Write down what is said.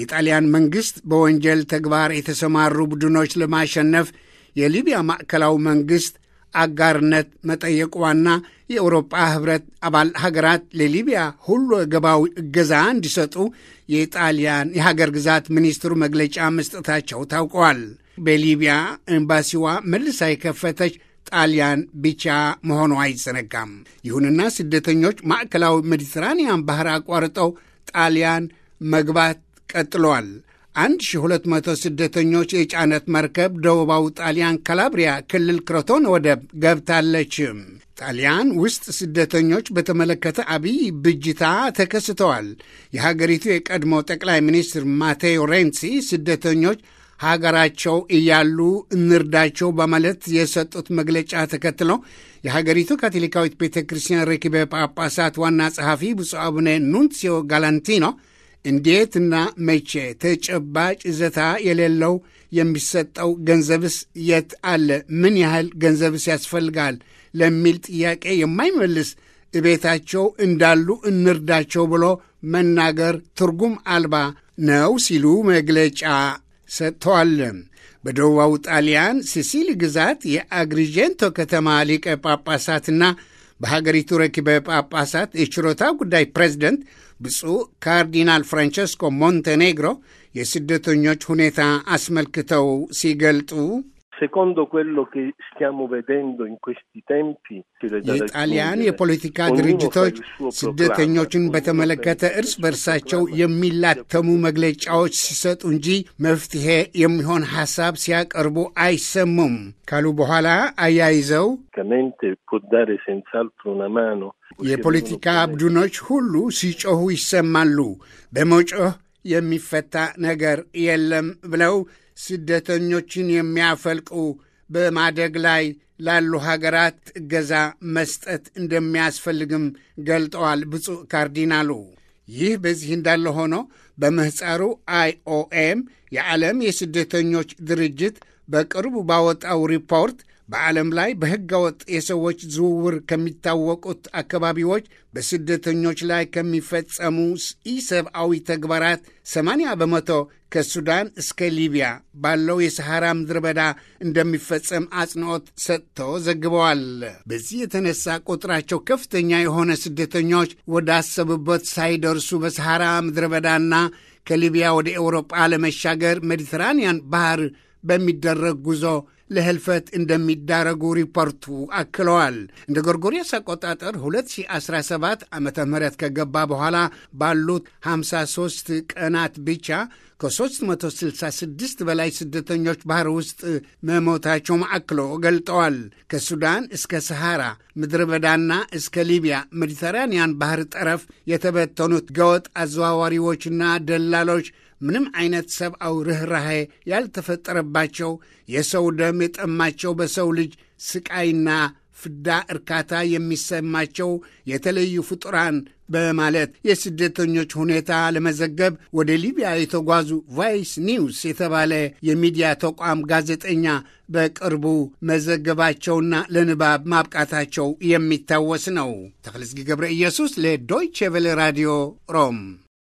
የጣሊያን መንግሥት በወንጀል ተግባር የተሰማሩ ቡድኖች ለማሸነፍ የሊቢያ ማዕከላዊ መንግሥት አጋርነት መጠየቋና የአውሮጳ ኅብረት አባል ሀገራት ለሊቢያ ሁሉ ገባዊ እገዛ እንዲሰጡ የጣሊያን የሀገር ግዛት ሚኒስትሩ መግለጫ መስጠታቸው ታውቀዋል። በሊቢያ ኤምባሲዋ መልሳ የከፈተች ጣሊያን ብቻ መሆኑ አይዘነጋም። ይሁንና ስደተኞች ማዕከላዊ ሜዲትራንያን ባህር አቋርጠው ጣሊያን መግባት ቀጥሏል። 1200 ስደተኞች የጫነት መርከብ ደቡባዊ ጣሊያን ካላብሪያ ክልል ክሮቶን ወደብ ገብታለች። ጣሊያን ውስጥ ስደተኞች በተመለከተ አብይ ብጅታ ተከስተዋል። የሀገሪቱ የቀድሞ ጠቅላይ ሚኒስትር ማቴዮ ሬንሲ ስደተኞች ሀገራቸው እያሉ እንርዳቸው በማለት የሰጡት መግለጫ ተከትሎ የሀገሪቱ ካቶሊካዊት ቤተ ክርስቲያን ርክበ ጳጳሳት ዋና ጸሐፊ ብፁዕ አቡነ ኑንሲዮ ጋላንቲኖ እንዴትና መቼ ተጨባጭ ይዘታ የሌለው የሚሰጠው ገንዘብስ የት አለ? ምን ያህል ገንዘብስ ያስፈልጋል? ለሚል ጥያቄ የማይመልስ እቤታቸው እንዳሉ እንርዳቸው ብሎ መናገር ትርጉም አልባ ነው ሲሉ መግለጫ ሰጥተዋል። በደቡባዊ ጣሊያን ሲሲሊ ግዛት የአግሪጀንቶ ከተማ ሊቀ ጳጳሳትና በሀገሪቱ ረኪበ ጳጳሳት የችሮታ ጉዳይ ፕሬዚደንት ብፁዕ ካርዲናል ፍራንቸስኮ ሞንቴኔግሮ የስደተኞች ሁኔታ አስመልክተው ሲገልጡ Secondo quello che stiamo vedendo in questi tempi, የጣሊያን የፖለቲካ ድርጅቶች ስደተኞችን በተመለከተ እርስ በርሳቸው የሚላተሙ መግለጫዎች ሲሰጡ እንጂ መፍትሄ የሚሆን ሀሳብ ሲያቀርቡ አይሰሙም ካሉ በኋላ አያይዘው የፖለቲካ ቡድኖች ሁሉ ሲጮሁ ይሰማሉ፣ በመጮህ የሚፈታ ነገር የለም ብለው ስደተኞችን የሚያፈልቁ በማደግ ላይ ላሉ ሀገራት እገዛ መስጠት እንደሚያስፈልግም ገልጠዋል ብፁዕ ካርዲናሉ። ይህ በዚህ እንዳለ ሆኖ በምህፃሩ አይኦኤም የዓለም የስደተኞች ድርጅት በቅርቡ ባወጣው ሪፖርት በዓለም ላይ ወጥ የሰዎች ዝውውር ከሚታወቁት አካባቢዎች በስደተኞች ላይ ከሚፈጸሙ ኢሰብአዊ ተግባራት 80 በመቶ ከሱዳን እስከ ሊቢያ ባለው የሰሐራ ምድረ በዳ እንደሚፈጸም አጽንዖት ሰጥቶ ዘግበዋል። በዚህ የተነሳ ቁጥራቸው ከፍተኛ የሆነ ስደተኞች ወዳሰቡበት ሳይደርሱ በሰሐራ ምድረ በዳና ከሊቢያ ወደ ኤውሮጳ ለመሻገር ሜዲትራንያን ባህር በሚደረግ ጉዞ ለህልፈት እንደሚዳረጉ ሪፖርቱ አክለዋል። እንደ ጎርጎሪዮስ አቆጣጠር 2017 ዓ ም ከገባ በኋላ ባሉት 53 ቀናት ብቻ ከ366 በላይ ስደተኞች ባህር ውስጥ መሞታቸው አክሎ ገልጠዋል። ከሱዳን እስከ ሰሐራ ምድረ በዳና እስከ ሊቢያ ሜዲተራንያን ባህር ጠረፍ የተበተኑት ገወጥ አዘዋዋሪዎችና ደላሎች ምንም አይነት ሰብአዊ ርኅራሄ ያልተፈጠረባቸው የሰው ደም የጠማቸው በሰው ልጅ ስቃይና ፍዳ እርካታ የሚሰማቸው የተለዩ ፍጡራን በማለት የስደተኞች ሁኔታ ለመዘገብ ወደ ሊቢያ የተጓዙ ቫይስ ኒውስ የተባለ የሚዲያ ተቋም ጋዜጠኛ በቅርቡ መዘገባቸውና ለንባብ ማብቃታቸው የሚታወስ ነው። ተክለስጊ ገብረ ኢየሱስ ለዶይቼ ቬለ ራዲዮ ሮም